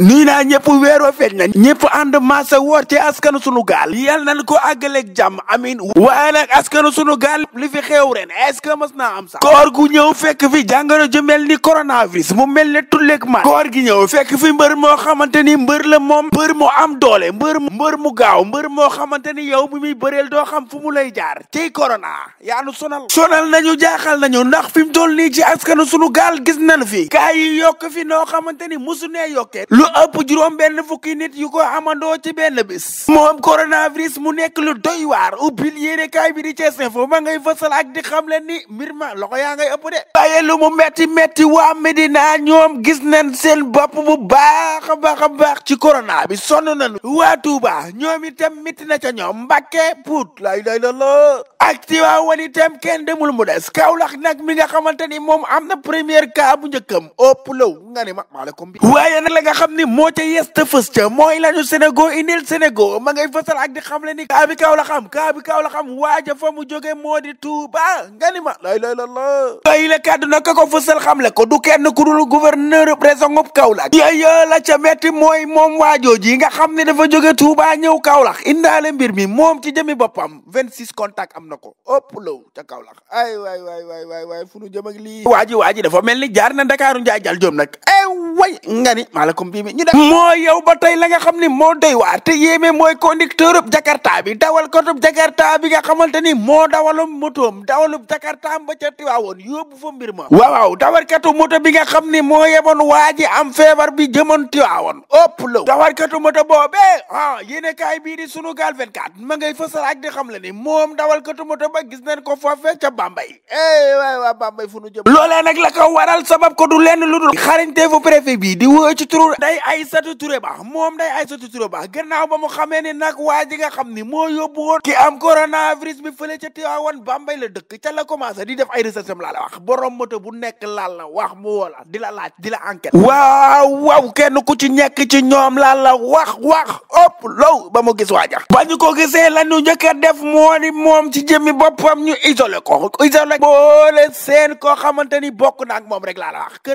nuy naa ñëpp weeroo feeñ na ñëpp ànd masa woor ci askanu sunu gaal yal nañ ko àggaleeg jàmm amin waaye nag askanu sunu gaal li fi xew ren est-ce que mas naa am sax koor gu ñëw fekk fi jàngoro ji mel ni coronavirus mu mel ne tulleeg man koor gi ñëw fekk fi mbër moo xamante ni mbër la moom mbër mu am doole mbër mbër mu gaaw mbër moo xamante ni yow mi muy bëreel doo xam fu mu lay jaar ci corona yaa nu sonal sonal nañu jaaxal na nañu ndax fi mu toll nii ci askanu sunu gaal gis nañ fi kaa yi yokk fi noo xamante ni musu nee yokkee lu ëpp juróom benn fukki nit yu ko amandoo ci benn bis moom coronavirus mu nekk lu doy waar ubbil yéene kaay bi di Thiès Info ma ngay fësal ak di xam leen ni mbir ma loxo yaa ngay ëpp de waaye lu mu metti metti waa naa ñoom gis nañ seen bopp bu baax a baax a baax ci corona bi sonn nañu waa Touba ñoom itam mitti na ca ñoom Mbàkke Pout lay lay la la ak ci waa wan itam kenn demul mu des Kaolack nag mi nga xamante ni moom am na première cas bu njëkkam ëpp moo ca yes te fës ca mooy lañu Sénégal indil Sénégal ma ngay fësal ak di xam le ni kaa bi kaaw la xam kaa bi kaaw mu jóge moo di Touba nga ni ma lay lay la la lay la kàddu nag ko fësal xam le ko du kenn ku dul gouverneur région bu Kaolack yooyu la ca metti mooy moom waajoo ji nga xam ne dafa jóge Touba ñëw Kaolack indaale mbir mi moom ci jëmi boppam 26 contacts am na ko ëpp law ca Kaolack ay waay waay waay waay waay fu nu jëm waaji waaji dafa ni jaar na Ndakaaru mi ñu def moo yow ba tey la nga xam ni moo doy waar te yéeme mooy conducteur ub jakarta bi dawal kotub jakarta bi nga xamante ni moo dawalum motoom dawalub jakartaam ba ca tiwaawoon yóbbu fa mbir ma waaw dawarkatu moto bi nga xam ni moo yeboon waa ji am feebar bi jëmoon tiwaawoon ëpp law dawarkatu moto boobee ah yéene kaay bii di sunu gaal 24 ma ngay fësal ak di xam le ni moom dawalkatu moto ba gis nañ ko foofee ca Bambay eh waay waa Bambay fu ko waral sabab ko du lenn lu dul xarañteefu préfet bi di woo ci ay Aïssatou Touré Ba moom ay Aïssatou Touré Ba gannaaw ba mu xamee ni nag waa ji nga xam ni moo yóbbu woon ki am coronavirus bi fële ca Tiwaawan Bambey la dëkk ca la commencé di def ay recherche am laa la wax borom moto bu nekk laal la wax mu woo la di la laaj di la enquête waaw waaw kenn ku ci nekk ci ñoom laal la wax wax ëpp low ba mu gis waaja ba ñu ko gisee la ñu njëkk def moo di moom ci jëmmi boppam ñu isolé ko isolé boole seen koo xamante ni bokk na ak moom rek laa la wax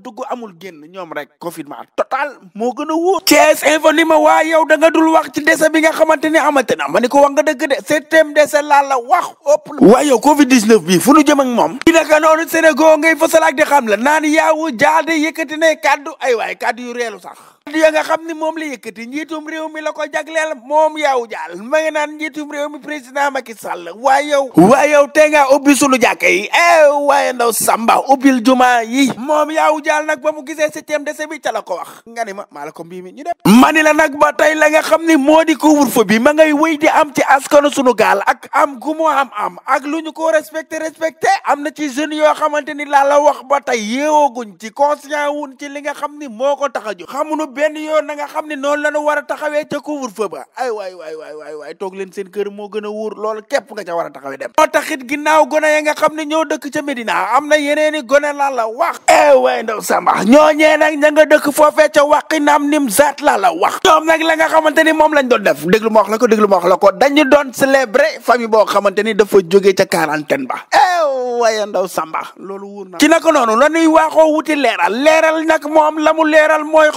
dugg amul génn ñoom rek confinement total moo gën a wóor Thiès info ni ma waa yow da nga dul wax ci décès bi nga xamante ni amate na ma ni ko wax nga dëgg de septième décès laa la wax ëpp la waa yow covid 19 bi fu nu jëm ak moom ci naka noonu Sénégal ngay fësal ak di xam la naan yaawu jaade yëkkati ne kaddu ay waay kaddu yu reelu sax ya nga xam ni moom la yëkkati njiitum réew mi ko jagleel moom yaaw jaal ma ngi naan njiitum réew mi président Macky Sall waaye yow waaye yow tey ngaa ubbi sunu jàkke yi eh waaye ndaw Samba ubbil juma yi moom yaaw jaal nag ba mu gisee septième décès bi ca la ko wax nga ma maa la ko mbii mi ñu dem mani la nag ba tey la xam ni moo di couvre-feu bi ma ngay wéy di am ci askanu sunu gaal ak am gu mu am am ak lu ñu ko respecté respecté am na ci jeunes yoo ni laa la wax ba tey yeewooguñ ci conscient wuñ ci li nga xam ni moo a jóg benn yoon na nga xam ne noonu la ñu war a taxawee ca couvre-feu ba ay waay waay waay waay waay toog leen seen kër moo gën a wóor loolu képp nga ca war a taxawee dem moo taxit ginnaaw gone ya nga xam ne ñoo dëkk ca Médina am na yeneeni la wax eh waay ndaw Samba ñooñee nag ña nga dëkk foofee ca wàqi naam nim zaat laa la wax ñoom nag la nga xamante ni moom lañ doon def déglu ma wax la ko déglu ma wax la ko dañu doon célébrer famille boo xamante ni dafa jógee ca quarantaine ba eh waaye ndaw samba loolu wóor na ci naka noonu la la mu leeral mooy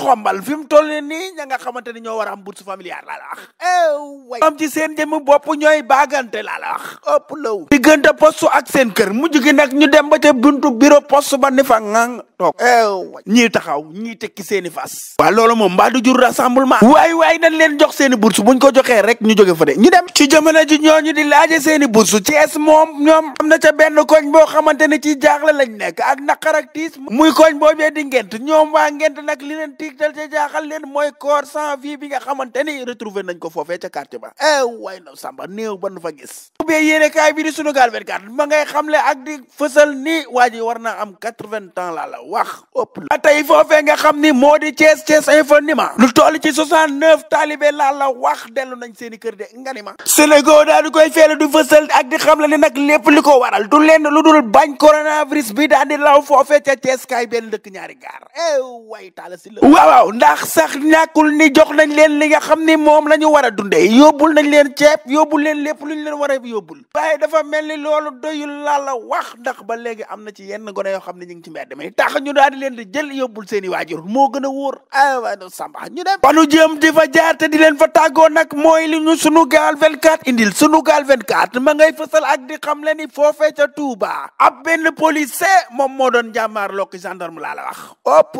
fi mu toll nii ña nga xamante ni ñoo war a am bourse familiale laa la wax ew eh, way am ci seen jëmm bopp ñooy baagante laa la wax ëpp law diggante poste ak seen kër mujj gi nag ñu dem ba ca buntu bureau poste ba ni fa ngang toog ew eh, way ñii taxaw ñii tekki seen i fas waaw loolu moom mbaa du jur rassemblement waay waay nañ leen jox seen i bourse buñ ko joxee rek ñu jóge fa de ñu dem ci jamono ji ñooñu di laaje seen i bourse Thiès moom ñoom am na ca benn koñ boo xamante ni ci jaaxle lañ nekk ak naqar ak tiis muy koñ boobee di ngent ñoom waa ngent nag li leen tiital jaaxal leen mooy corps sans vie bi nga xamante ni retrouvé nañ ko foofee ca quartier ba eh way na samba néew ba nu fa gis ubbee yéene kaay bi di Sunugal 24 ma ngay xamle ak di fësal ni waa ji war naa am quatre-vingts ans laa la wax ëpp la tey foofee nga xam ni moo di Thiès Thiès info ni ma lu toll ci soixante-neuf taalibe laa la wax dellu nañ seeni kër de nga ni ma Sénégal daal di koy feele du fësal xam di ni nag lépp li ko waral du lenn lu dul bañ coronavirus bi daal di law foofee ca Thiès kaay benn dëkk ñaari gaar eh way taala si ndax sax ñàkkul ni jox nañ leen li nga xam ni moom la ñu war a dundee yóbbul nañ leen ceeb yóbbul leen lépp lu ñu leen war a yóbbul waaye dafa mel ni loolu doyul laa la wax ndax ba léegi am na ci yenn gone yoo xam ne ñu ngi ci mbedd mi tax ñu daal di leen di jël yóbbul seen i waajur moo gën a wóor do samba ñu dem banu jëm di fa jaar te di leen fa tàggoo nag mooy li ñu sunu gaal 24 indil sunu gaal 24 ma ngay fësal ak di xam le ni foofee ca Touba ab benn policier moom moo doon jàmmaar lokki gendarme laa la wax ëpp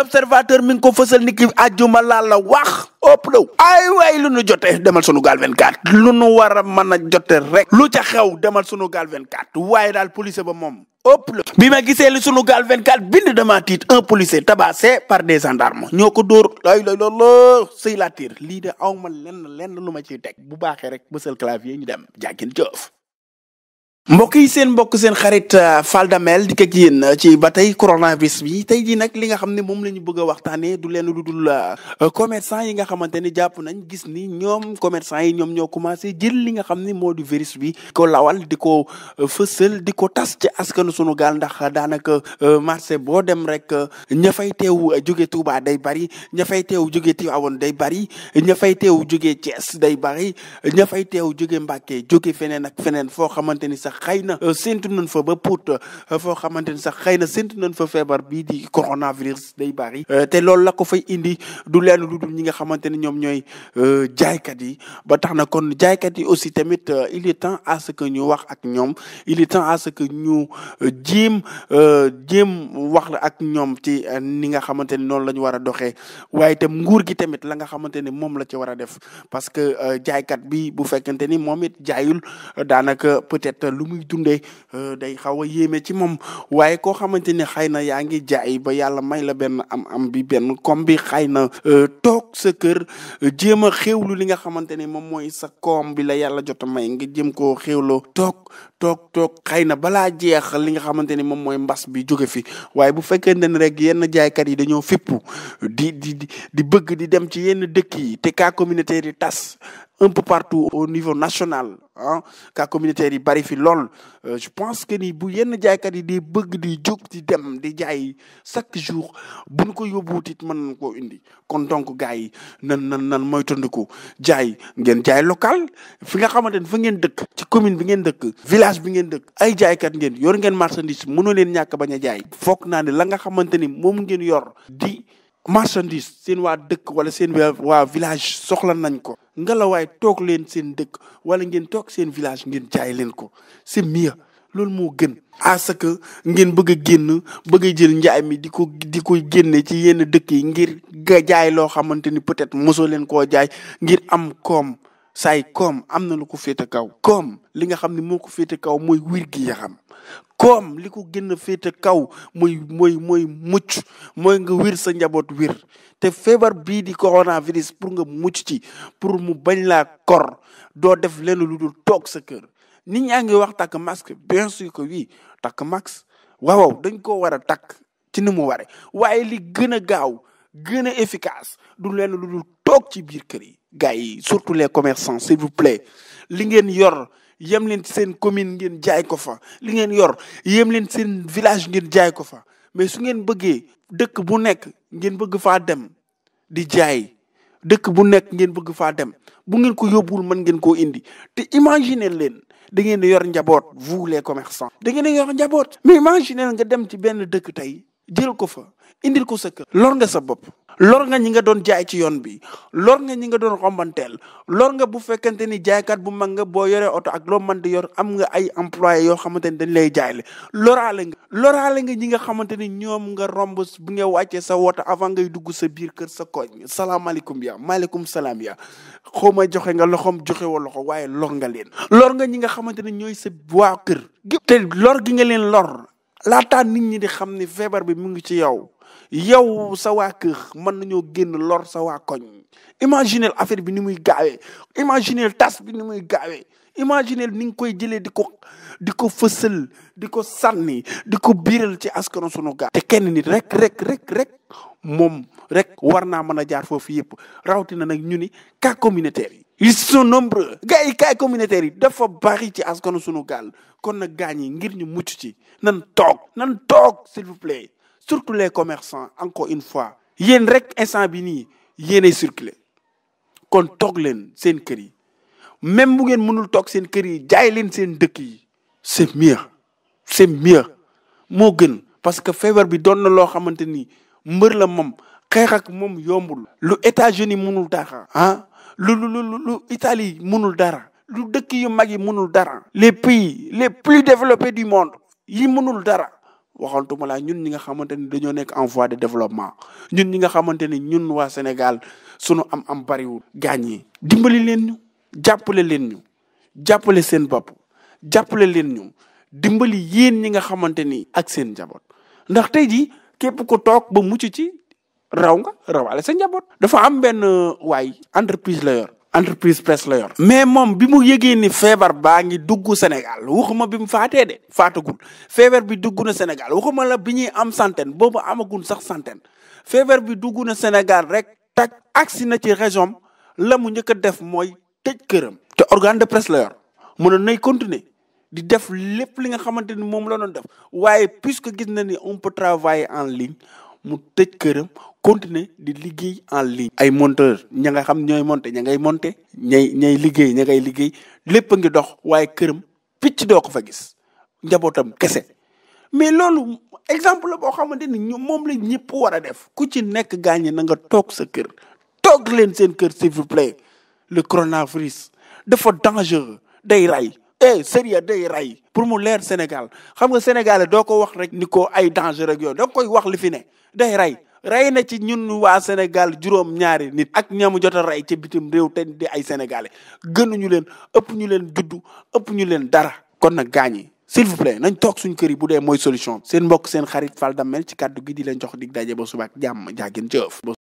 l'observateur mi ngi ko fësal ni ki àjjuma laa la wax ëpp law ay waay lu nu jote demal sunu gaal 24 lu nu war a mën a jote rek lu ca xew demal sunu gaal 24 waaye daal police ba moom ëpp la bi ma gisee li sunu gaal 24 bind dama tiit un policier tabassé par des gendarmes ñoo ko dóor ay lay loolu sëy laa tiir lii de aw ma lenn lenn lu ma ciy teg bu baaxee rek bësal clavier ñu dem jàggin jëf mbokk yi seen mbokk seen xarit euh, Faldamel di kek yéen euh, ci ba tey coronavirus bi tey jii nag li nga xam ne moom la ñu bëgg a waxtaanee du leen lu dul euh, commerçant yi nga xamante ni jàpp nañ gis ni ñoom commerçant yi ñoom ñoo commencé jël li nga xam ne moo di virus bi ko lawal di ko fësal di ko tas ci askanu sunu gaal ndax daanaka marché boo dem rek ña fay teew jóge Touba day bari ña fay teew jóge Tivaouane day bari ña fay teew jóge Thiès day bari ña fay teew jóge Mbacké jóge feneen ak feneen foo xamante ni sax xëy na euh, séntu nañ fa ba Pout euh, foo xamante ni sax xëy na séntu nañ fa feebar bii di coronavirus day bari euh, te loolu la ko fay indi du leen lu dul ñi nga xamante ni ñoom ñooy jaaykat yi ba tax na kon jaaykat yi aussi tamit il est temps que ñu wax ak ñoom il est que ñu jéem jéem wax ak ñoom ci ni nga xamante ni noonu la ñu war a doxee waaye itam nguur gi tamit la nga xamante ni moom la ci war a def parce que jaaykat bi bu fekkente ni moom it jaayul daanaka peut-être lu muy dundee euh, day xaw a yéeme ci moom waaye koo xamante ni xëy na yaa ngi jaay ba yàlla may la benn am am bi benn kom bi xëy na euh, toog sa kër jéem a xéewlu li nga xamante ni moom mooy sa koom bi la yàlla jot a may nga jéem koo xéewloo toog toog toog xëy na balaa jeex li nga xamante ni moom mooy mbas bi jóge fi waaye bu fekkente ne rek yenn jaaykat yi dañoo fippu di di di bëgg di dem ci yenn dëkk yi te cas communautaire tas un peu partout au niveau national ah cas communautaire yi bari fi lool euh, je pense que ni bu yenn jaaykat yi di bëgg di jóg di dem di jaay chaque jour bu ko yóbbuwutit mën nañ koo indi kon donc gars yi nan nan nan moytandiku jaay ngeen jaay local fi nga xamante ne fa ngeen dëkk ci commune bi ngeen dëkk village bi ngeen dëkk ay jaaykat ngeen yor ngeen marchandise mënoo leen ñàkk bañ a jaay fok naa ne la nga xamante ni moom ngeen yor di marchandise seen waa dëkk wala seen waa village soxla nañ ko ngelawaay toog leen seen dëkk wala ngeen toog seen village ngeen jaay leen ko c'est mieux loolu moo gën à ngeen bëgg a génn bëgg jël njaay mi di ko di ko génne ci yenn dëkk yi ngir ga jaay loo xamante ni peut-être mosoo leen koo jaay ngir am koom saay koom am na lu ko féete kaw koom li nga xam ne moo ko féete kaw mooy wir gi yaxam koom li ko gën a kaw muy mooy mooy mucc mooy nga wir sa njaboot wir te feebar bii di coronavirus pour nga mucc ci pour mu bañ laa kor doo def lenn lu dul toog sa kër nit ñaa ngi wax takk masque bien sûr que oui takk max waaw dañ ko war a takk ci ni mu ware waaye li gën a gaaw gën a efficace du lenn lu dul toog ci biir kër yi gars yi surtout les commerçants s'il vous li ngeen yor yem leen seen commune ngeen jaay ko fa li ngeen yor yem leen seen village ngeen jaay ko fa mais su ngeen bëggee dëkk bu nekk ngeen bëgg faa dem di jaay dëkk bu nekk ngeen bëgg faa dem bu ngeen ko yóbbuwul mën ngeen koo indi te imaginer leen da ngeen di yor njaboot vous les commerçants da ngeen di yor njaboot mais imaginer nga dem ci benn dëkk tey jël ko fa indil ko sa kër. lor nga sa bopp. lor nga ñi nga doon jaay ci yoon bi lor nga ñi nga doon rombanteel lor nga bu fekkente ni jaaykat bu mag nga boo yoree oto ak loo mën di yor am nga ay yoo xamante ni dañ lay jaay loraale nga loraale nga ñi nga xamante ni ñoom nga romb bu nga wàccee sa woto avant ngay dugg sa biir kër sa koñ salaamaaleykum ya maaleykum salaam ya xaw ma joxe nga loxoom joxe loxo waaye lor nga leen lor nga ñi nga xamante ni ñooy sa waa kër te lor gi nga leen lor laataa nit ñi di xam ne feebar bi mu ngi ci yow yow sa waa kër mën nañoo génn lor sa waa koñ imaginel affaire bi ni muy gaawee imaginel tas bi ni muy gaawee imaginel ni nga koy jëlee di ko di ko fësal di ko sànni di ko biiral ci askanu sunu gaal. te kenn nit rek rek rek rek moom rek war naa mën a jaar foofu yëpp rawatina nag ñu ni cas communautaire yi. ils sont nombreux gars yi kaay communautaire yi dafa bari ci askanu sunu gaal kon nag gaañ yi ngir ñu mucc ci nan toog nan toog s'il vous plaît surtout les commerçants encore une fois yéen rek instant bi nii yéenay circuler kon toog leen seen kër yi même bu ngeen mënul toog seen kër yi jaay leen seen dëkk yi c'est mieux c'est moo gën parce que feebar bi doon na loo xamante ni mbër la moom xeex ak moom yombul. lu États-Unis munul dara. ah lu lu lu lu munul dara. lu dëkk yu mag yi munul dara. les pays les plus développés du monde. yi munul dara. waxantuma laa ñun ñi nga xamante ni dañoo nekk en de développement ñun ñi nga xamante ni ñun waa Sénégal sunu am am bariwul. gaañ yi dimbali leen ñu jàppale leen ñu jàppale seen bopp jàppale leen ñu dimbali yéen ñi nga xamante ni ak seen njaboot ndax tey jii képp ko toog ba mucc ci raw nga rawaale sa njaboot. dafa am benn euh, waay entreprise la yor. entreprise presse la yor. mais moom bi mu yëgee ni feebar baa ngi dugg Sénégal waxuma bi mu faatee de faatagul feebar bi dugg na Sénégal waxuma la bi ñuy am centaine boobu amagul sax centaine feebar bi dugg na Sénégal rek tak agsi na ci région la mu njëkk a def mooy tëj këram. te organe de presse la yor ne nay continuer di def lépp li nga xamante ni moom la doon def waaye puisque gis na ni on peut travailler en ligne. mu tëj këram continuer di liggéey en ligne. ay monteur ña nga xam ñooy monter ña ngay monter ñay ñay liggéey ña ngay liggéey lépp a ngi dox waaye këram picc doo ko fa gis njabootam kese mais loolu exemple la boo xamante ni ñoom moom la ñëpp war a def ku ci nekk gaañe na nga toog sa kër toog leen seen kër s'il vous plaît le coronavirus dafa dangereux day rey. eh sérieux day ray pour mu leer Sénégal xam nga sénégalais doo ko wax rek ni ko ay danger ak yooyu da koy wax li fi ne day rey rey na ci ñun waa Sénégal juróom-ñaari nit ak ñamu jot a rey ci bitim réew te di ay sénégalais gënuñu leen ëpp ñu leen juddu ëpp ñu leen dara. kon nag gaañ yi s'il vous plaît nañ toog suñ kër yi bu dee mooy solution seen mbokk seen xarit Fall Damel ci kàddu gi di leen jox dig daje ba suba ak jàmm jaagin jëf.